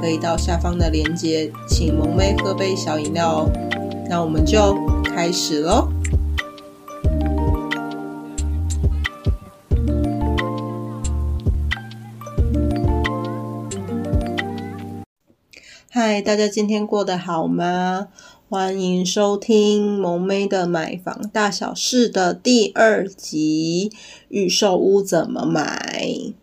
可以到下方的鏈接，請萌咩喝杯小飲料哦。那我們就開始嘍！嗨，大家今天過得好嗎？歡迎收聽萌咩的買房大小事的第二集，預售屋怎麼買？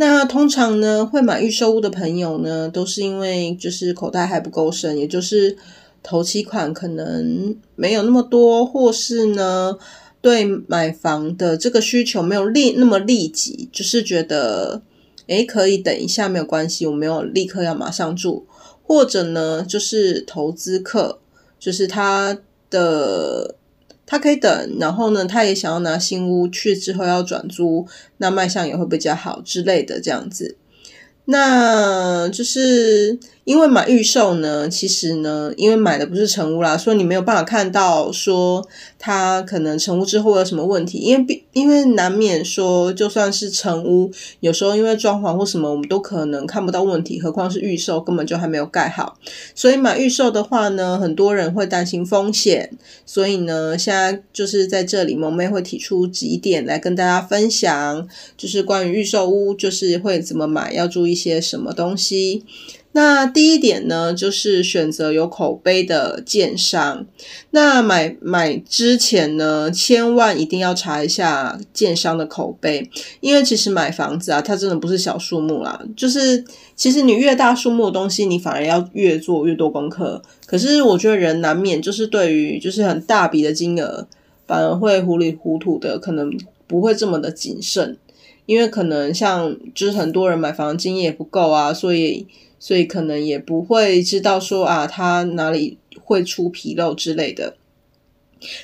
那通常呢，會買預售屋的朋友呢，都是因為就是口袋還不夠深，也就是頭期款可能沒有那麼多，或是呢，對買房的這個需求沒有立那麼立即，就是覺得，誒可以等一下沒有關係，我沒有立刻要馬上住，或者呢，就是投資客，就是他的。他可以等，然後呢，他也想要拿新屋去之後要轉租，那賣相也會比較好之類的這樣子，那就是。因為買預售呢，其實呢，因為買的不是成屋啦，所以你沒有辦法看到說它可能成屋之後會有什麼問題，因為因為難免說就算是成屋，有時候因為裝潢或什麼，我們都可能看不到問題，何況是預售根本就還沒有蓋好。所以買預售的話呢，很多人會擔心風險，所以呢，現在就是在這裡，萌咩會提出幾點來跟大家分享，就是關於預售屋，就是會怎麼買，要注意一些什麼東西。那第一點呢，就是選擇有口碑的建商。那買買之前呢，千萬一定要查一下建商的口碑，因為其實買房子啊，它真的不是小數目啦。就是其實你越大數目的東西，你反而要越做越多功課。可是我覺得人難免就是對於就是很大筆的金額，反而會糊裡糊塗的，可能不會這麼的謹慎，因為可能像就是很多人買房經驗也不夠啊，所以。所以可能也不會知道說啊，它哪裡會出紕漏之類的。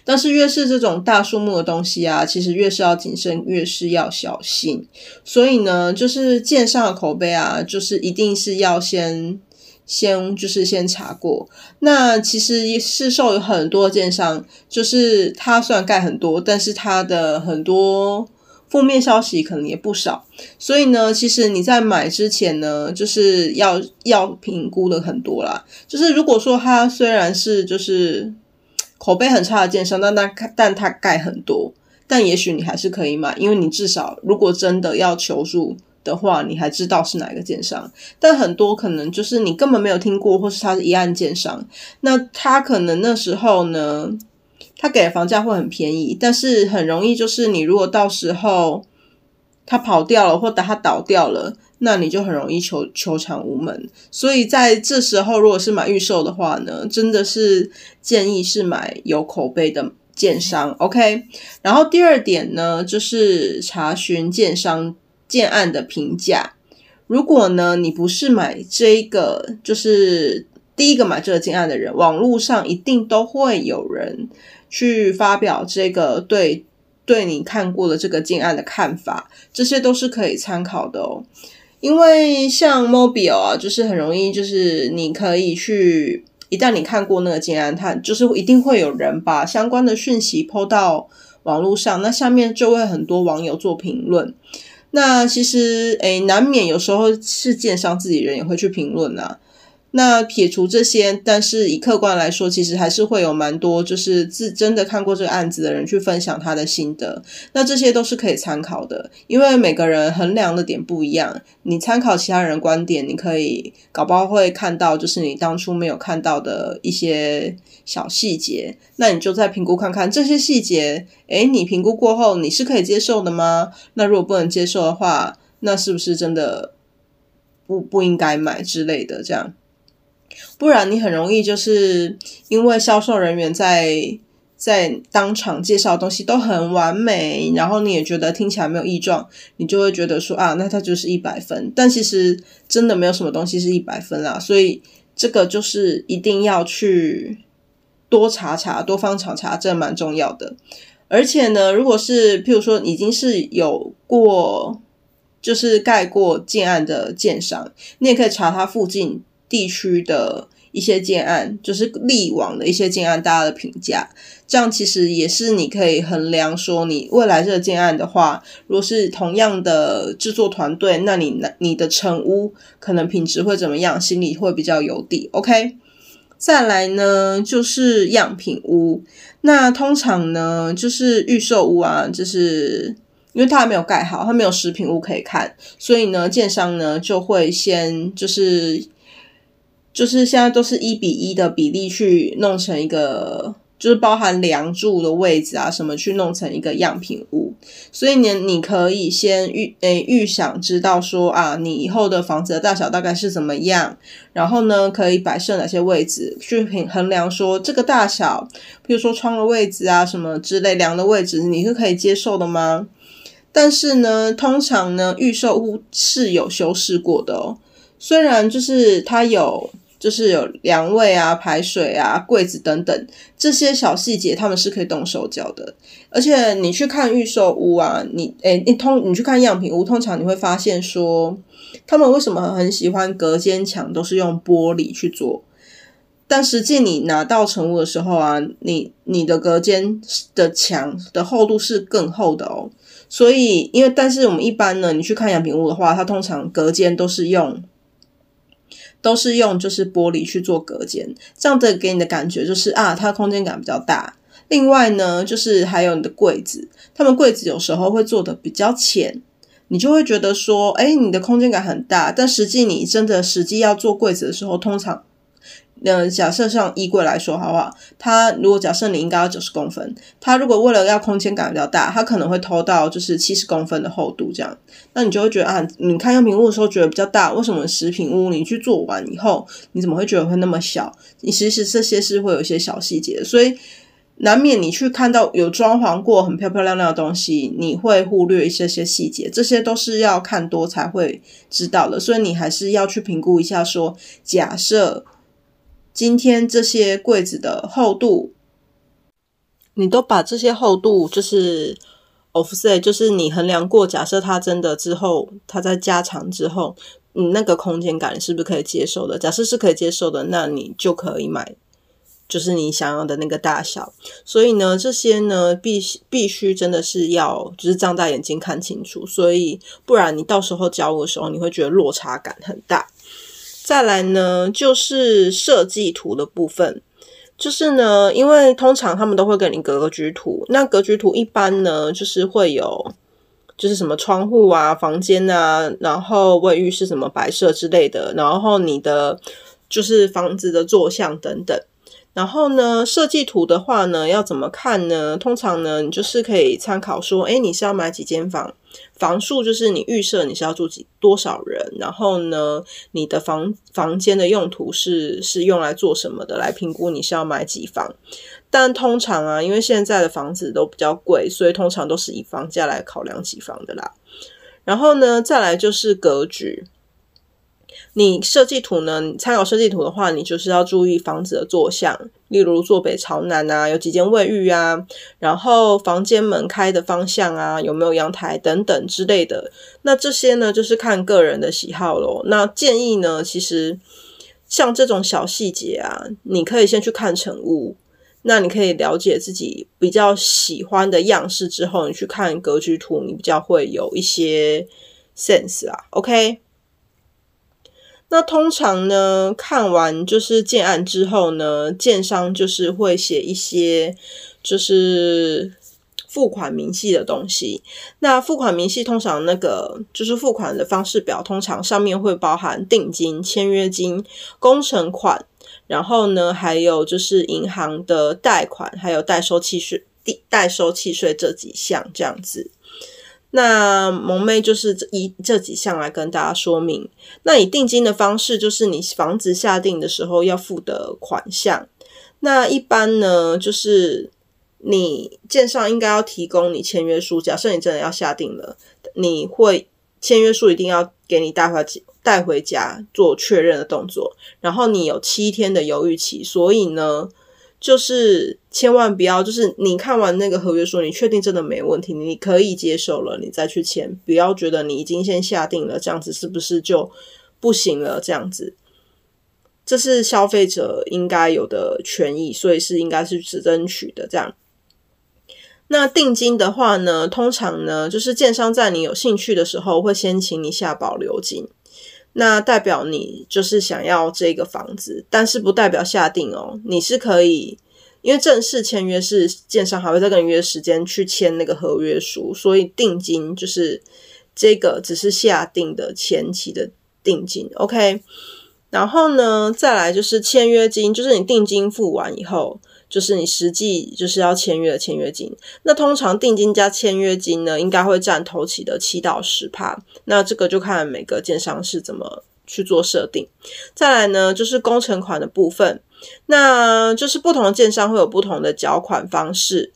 但是越是這種大數目的東西啊，其實越是要謹慎，越是要小心。所以呢，就是建商的口碑啊，就是一定是要先先就是先查過。那其實市售有很多建商，就是它雖然蓋很多，但是它的很多。負面消息可能也不少，所以呢，其實你在買之前呢，就是要要評估了很多啦。就是如果說他雖然是就是口碑很差的建商，但他但但它蓋很多，但也許你還是可以買，因為你至少如果真的要求助的話，你還知道是哪個建商。但很多可能就是你根本沒有聽過，或是他是一案建商，那他可能那時候呢。他給的房價會很便宜，但是很容易就是你如果到時候他跑掉了，或打他倒掉了，那你就很容易求求償無門。所以在這時候，如果是買預售的話呢，真的是建議是買有口碑的建商。OK，然後第二點呢，就是查詢建商建案的評價。如果呢你不是買這一個，就是第一個買這個建案的人，網絡上一定都會有人，去發表這個對對你看過的這個建案的看法，這些都是可以參考的哦。因為像 mobile 啊，就是很容易，就是你可以去，一旦你看過那個建案探，它就是一定會有人把相關的訊息拋到網絡上，那下面就會很多網友做評論。那其實誒、欸，難免有時候是建商自己人也會去評論的。那撇除這些，但是以客觀來說，其實還是會有蠻多，就是自真的看過這個案子的人去分享他的心得，那這些都是可以參考的，因為每個人衡量的點不一樣，你參考其他人觀點，你可以搞不好會看到，就是你當初沒有看到的一些小細節，那你就再評估看看這些細節，誒，你評估過後你是可以接受的嗎？那如果不能接受的話，那是不是真的不不應該買之類的這樣？不然你很容易就是因為銷售人員在在當場介紹的東西都很完美，然後你也覺得聽起來沒有異狀，你就會覺得說啊，那它就是一百分。但其實真的沒有什麼東西是一百分啦，所以這個就是一定要去多查查、多方查查，這蠻重要的。而且呢，如果是譬如說已經是有過就是蓋過建案的建商，你也可以查它附近。地區的一些建案，就是歷往的一些建案，大家的評價，這樣其實也是你可以衡量說，你未來這個建案的話，如果是同樣的製作團隊，那你那你的成屋可能品質會怎麼樣，心裡會比較有底。OK，再來呢就是樣品屋，那通常呢就是預售屋啊，就是因為它還沒有蓋好，它沒有實品屋可以看，所以呢，建商呢就會先就是。就是現在都是一比一的比例去弄成一個，就是包含梁柱的位置啊，什麼去弄成一個樣品屋。所以呢，你可以先預誒、欸、預想知道說啊，你以後的房子的大小大概是怎麼樣，然後呢，可以擺設哪些位置去衡衡量說這個大小，比如說窗的位置啊什麼之類，梁的位置，你是可以接受的嗎？但是呢，通常呢，預售屋是有修飾過的哦，雖然就是它有。就是有樑位啊、排水啊、櫃子等等這些小細節，他們是可以動手腳的。而且你去看預售屋啊，你哎、欸，你通你去看樣品屋，通常你會發現說，他們為什麼很喜歡隔間牆都是用玻璃去做？但實際你拿到成屋的時候啊，你你的隔間的牆的厚度是更厚的哦。所以因為但是我們一般呢，你去看樣品屋的話，它通常隔間都是用。都是用就是玻璃去做隔間，這樣子給你的感覺就是啊，它空間感比較大。另外呢，就是還有你的櫃子，他們櫃子有時候會做的比較淺，你就會覺得說，誒、欸，你的空間感很大，但實際你真的實際要做櫃子的時候，通常。嗯，假設像衣櫃來說好不好？它如果假設你應該要九十公分，它如果為了要空間感比較大，它可能會偷到就是七十公分的厚度這樣。那你就會覺得啊，你看樣品屋的時候覺得比較大，為什麼實品屋你去做完以後，你怎麼會覺得會那麼小？你其實這些是會有一些小細節的，所以難免你去看到有裝潢過很漂漂亮亮的東西，你會忽略一些些細節，這些都是要看多才會知道的。所以你還是要去評估一下說，說假設。今天這些櫃子的厚度，你都把這些厚度，就是 offset 就是你衡量過。假設它真的之後，它在加長之後，你那個空間感是不是可以接受的？假設是可以接受的，那你就可以買，就是你想要的那個大小。所以呢，這些呢，必須必須真的是要，就是張大眼睛看清楚。所以，不然你到時候交屋的時候，你會覺得落差感很大。再來呢，就是設計圖的部分，就是呢，因為通常他們都會給你格局圖，那格局圖一般呢，就是會有，就是什麼窗戶啊、房間啊，然後衛浴是什麼擺設之類的，然後你的就是房子的坐向等等。然後呢，設計圖的話呢，要怎麼看呢？通常呢，你就是可以參考說，哎，你是要買幾間房？房數就是你預設你是要住幾多少人，然後呢，你的房房間的用途是是用來做什麼的，來評估你是要買幾房。但通常啊，因為現在的房子都比較貴，所以通常都是以房價來考量幾房的啦。然後呢，再來就是格局。你設計圖呢？你參考設計圖的話，你就是要注意房子的坐向，例如坐北朝南啊，有幾間衛浴啊，然後房間門開的方向啊，有沒有陽台等等之類的。那這些呢，就是看個人的喜好咯。那建議呢，其實像這種小細節啊，你可以先去看成屋，那你可以了解自己比較喜歡的樣式之後，你去看格局圖，你比較會有一些 sense 啊。OK。那通常呢，看完就是建案之後呢，建商就是會寫一些就是付款明細的東西。那付款明細通常那個就是付款的方式表，通常上面會包含定金、簽約金、工程款，然後呢還有就是銀行的貸款，還有代收契稅、代代收契稅這幾項這樣子。那萌咩就是這一、這幾項來跟大家說明。那以定金的方式，就是你房子下定的時候要付的款項。那一般呢，就是你建商應該要提供你簽約書。假設你真的要下定了，你會簽約書一定要給你帶回帶回家做確認的動作。然後你有七天的猶豫期，所以呢。就是千萬不要，就是你看完那個合約書，你確定真的沒問題，你可以接受了，你再去簽，不要覺得你已經先下定了，這樣子是不是就不行了？這樣子，這是消費者應該有的權益，所以是應該是去爭取的。這樣，那定金的話呢，通常呢，就是建商在你有興趣的時候會先請你下保留金。那代表你就是想要這個房子，但是不代表下定哦。你是可以，因為正式簽約是建商還會再跟你約時間去簽那個合約書，所以定金就是這個，只是下定的前期的定金。OK，然後呢，再來就是簽約金，就是你定金付完以後。就是你實際就是要簽約的簽約金，那通常定金加簽約金呢，應該會佔頭期的七到十趴。那這個就看每個建商是怎麼去做設定。再來呢，就是工程款的部分，那就是不同的建商會有不同的繳款方式。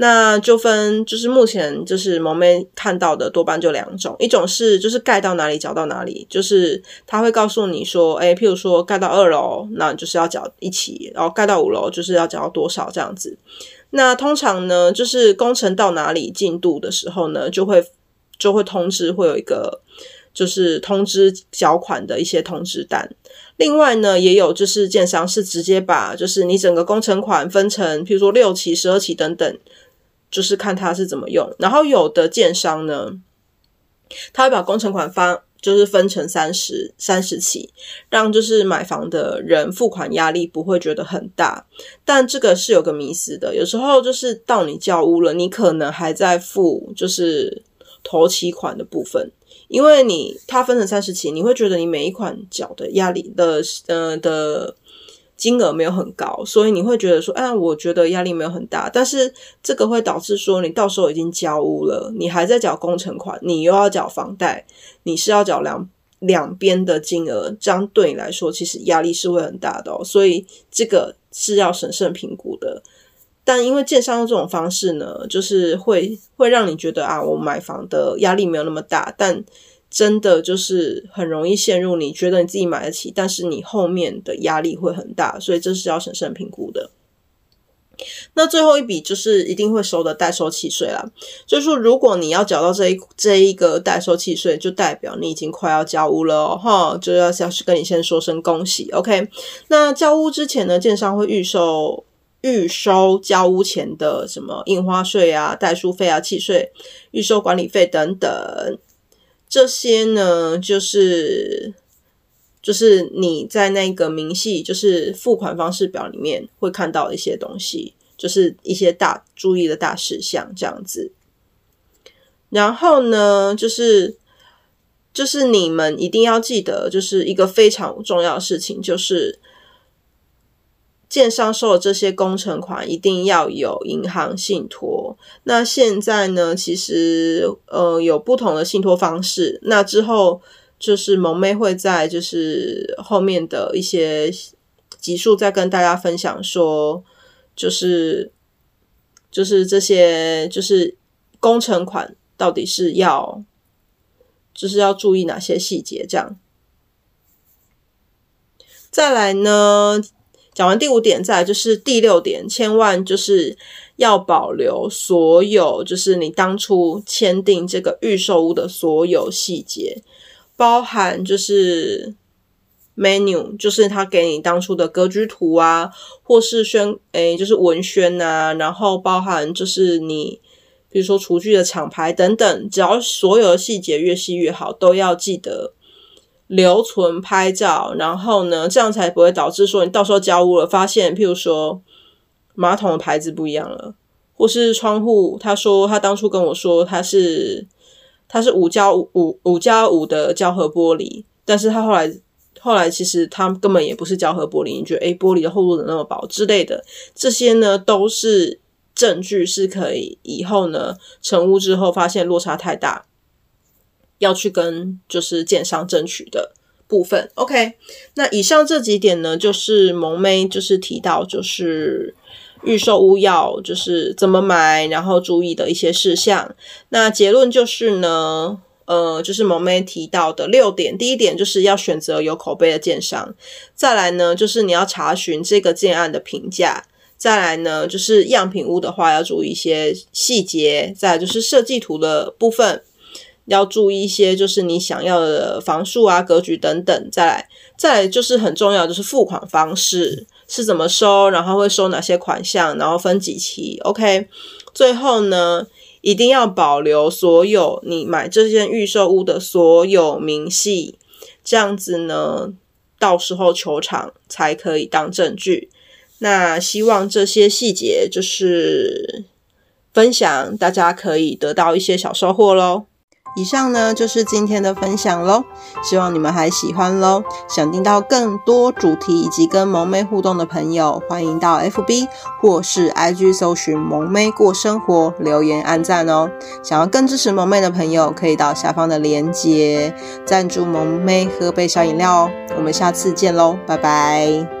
那就分，就是目前就是萌咩看到的多半就兩種，一種是就是蓋到哪裡繳到哪裡，就是他會告訴你說，哎，譬如說蓋到二樓，那就是要繳一期，然後蓋到五樓就是要繳到多少這樣子。那通常呢，就是工程到哪裡進度的時候呢，就會就會通知，會有一個就是通知繳款的一些通知單。另外呢，也有就是建商是直接把就是你整個工程款分成，譬如說六期、十二期等等。就是看他是怎麼用，然後有的建商呢，他會把工程款發，就是分成三十三十期，讓就是買房的人付款壓力不會覺得很大。但這個是有個迷思的，有時候就是到你交屋了，你可能還在付就是頭期款的部分，因為你他分成三十期，你會覺得你每一款繳的壓力的呃的。金額沒有很高，所以你會覺得說，啊，我覺得壓力沒有很大。但是這個會導致說，你到時候已經交屋了，你還在繳工程款，你又要繳房貸，你是要繳兩兩邊的金額，這樣對你來說其實壓力是會很大的哦。所以這個是要審慎評估的。但因為建商的這種方式呢，就是會會讓你覺得啊，我買房的壓力沒有那麼大，但。真的就是很容易陷入，你覺得你自己買得起，但是你後面的壓力會很大，所以這是要審慎評估的。那最後一筆就是一定會收的代收契稅啦，就是如果你要繳到這一這一個代收契稅，就代表你已經快要交屋了哦。哈，就要要跟你先說聲恭喜，OK？那交屋之前呢，建商會預售預收交屋前的什麼印花稅啊、代書費啊、契稅、預收管理費等等。這些呢，就是就是你在那個明細，就是付款方式表裡面會看到一些東西，就是一些大注意的大事項這樣子。然後呢，就是就是你們一定要記得，就是一個非常重要的事情，就是。建商收的這些工程款一定要有銀行信托。那現在呢，其實呃有不同的信托方式。那之後就是萌咩會在就是後面的一些集數再跟大家分享，說就是就是這些就是工程款到底是要，就是要注意哪些細節，這樣。再來呢，講完第五點，再來就是第六點，千萬就是要保留所有，就是你當初簽訂這個預售屋的所有細節，包含就是 menu，就是他給你當初的格局圖啊，或是宣，欸，就是文宣啊，然後包含就是你，比如說廚具的廠牌等等，只要所有的細節越細越好，都要記得。留存拍照，然後呢，這樣才不會導致說你到時候交屋了，發現，譬如說馬桶的牌子不一樣了，或是窗戶，他說他當初跟我說他是他是五加五五五加五的膠合玻璃，但是他後來後來其實他根本也不是膠合玻璃，你覺得哎、欸、玻璃的厚度怎麼那麼薄之類的，這些呢都是證據，是可以以後呢成屋之後發現落差太大。要去跟就是建商爭取的部分，OK。那以上這幾點呢，就是萌咩就是提到就是預售屋要就是怎麼買，然後注意的一些事項。那結論就是呢，呃，就是萌咩提到的六點，第一點就是要選擇有口碑的建商，再來呢就是你要查詢這個建案的評價，再來呢就是樣品屋的話要注意一些細節，再來就是設計圖的部分，要注意一些，就是你想要的房數啊、格局等等，再來，再來就是很重要，就是付款方式是怎麼收，然後會收哪些款項，然後分幾期。OK，最後呢，一定要保留所有你買這間預售屋的所有明細，這樣子呢，到時候求償才可以當證據。那希望這些細節就是分享，大家可以得到一些小收穫嘍。以上呢，就是今天的分享嘍，希望你們還喜歡嘍。想聽到更多主題以及跟萌咩互動的朋友，歡迎到 FB 或是 IG 搜尋“萌咩過生活”，留言按讚哦。想要更支持萌咩的朋友，可以到下方的鏈接贊助萌咩喝杯小飲料哦。我們下次見嘍，拜拜。